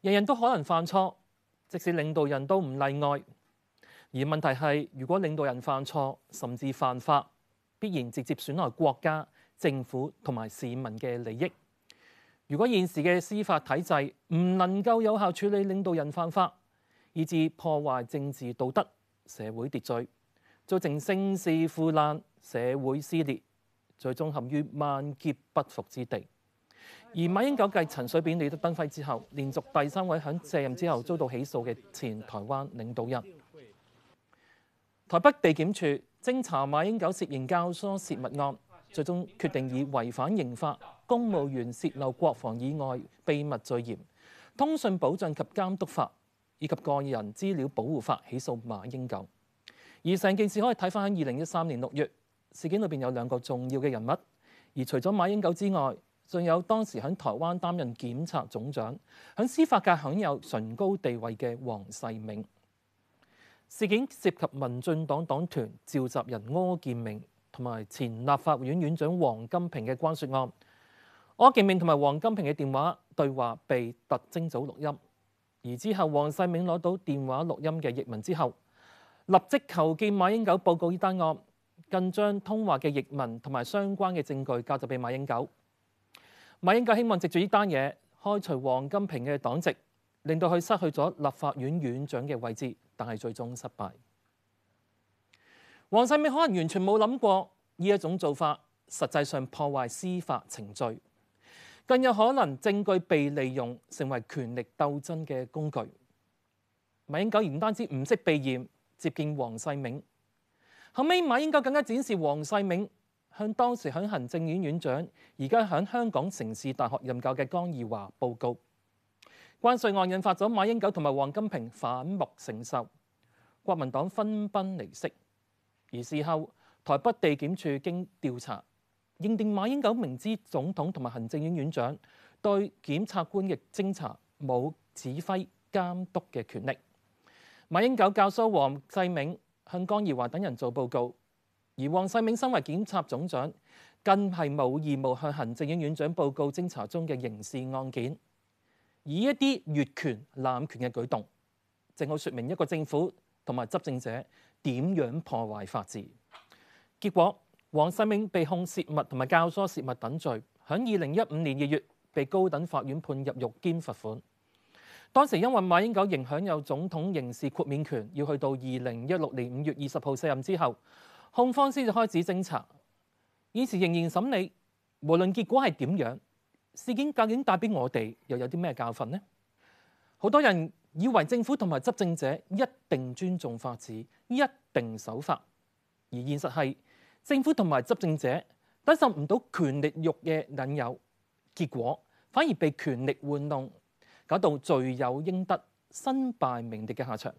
人人都可能犯錯，即使領導人都唔例外。而問題係，如果領導人犯錯，甚至犯法，必然直接損害國家、政府同埋市民嘅利益。如果現時嘅司法體制唔能夠有效處理領導人犯法，以致破壞政治道德、社會秩序，造成聲勢腐爛、社會撕裂，最終陷於萬劫不復之地。而馬英九繼陳水扁、李登輝之後，連續第三位喺卸任之後遭到起訴嘅前台灣領導人。台北地檢署偵查馬英九涉嫌教唆泄密案，最終決定以違反刑法、公務員泄露國防以外秘密罪嫌、通訊保障及監督法以及個人資料保護法起訴馬英九。而成件事可以睇返喺二零一三年六月事件裏邊有兩個重要嘅人物，而除咗馬英九之外，仲有當時喺台灣擔任檢察總長、喺司法界享有崇高地位嘅黃世銘。事件涉及民進黨黨團召集人柯建銘同埋前立法院院長王金平嘅關說案。柯建銘同埋王金平嘅電話對話被特偵組錄音，而之後黃世銘攞到電話錄音嘅譯文之後，立即求見馬英九報告呢單案，更將通話嘅譯文同埋相關嘅證據交集俾馬英九。馬英九希望藉住呢單嘢開除王金平嘅黨籍，令到佢失去咗立法院院長嘅位置，但係最終失敗。黃世銘可能完全冇諗過呢一種做法實際上破壞司法程序，更有可能證據被利用成為權力鬥爭嘅工具。馬英九唔單止唔識避嫌。接見黃世銘，後尾馬英九更加展示黃世銘向當時響行政院院長，而家響香港城市大學任教嘅江宜樺報告。關稅案引發咗馬英九同埋王金平反目成仇，國民黨分崩離析。而事後台北地檢署經調查，認定馬英九明知總統同埋行政院院長對檢察官嘅偵查冇指揮監督嘅權力。馬英九教唆黃世銘向江宜樺等人做報告，而黃世銘身為檢察總長，更係冇義務向行政院院長報告偵查中嘅刑事案件，以一啲越權濫權嘅舉動，正好說明一個政府同埋執政者點樣破壞法治。結果，黃世銘被控洩密同埋教唆洩密等罪，響二零一五年二月被高等法院判入獄兼罰款。當時因為馬英九仍享有總統刑事豁免權，要去到二零一六年五月二十號卸任之後，控方先至開始偵查。以前仍然審理，無論結果係點樣，事件究竟帶俾我哋又有啲咩教訓呢？好多人以為政府同埋執政者一定尊重法治，一定守法，而現實係政府同埋執政者抵受唔到權力慾嘅引誘，結果反而被權力玩弄。搞到罪有應得、身敗名裂嘅下場。